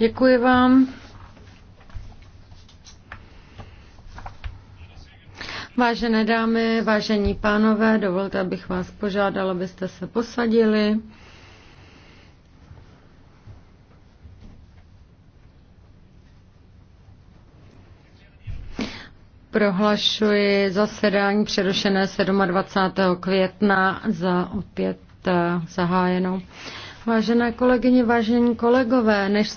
Děkuji vám. Vážené dámy, vážení pánové, dovolte, abych vás požádala, abyste se posadili. Prohlašuji zasedání přerušené 27. května za opět eh, zahájenou. Vážené kolegyně, vážení kolegové, než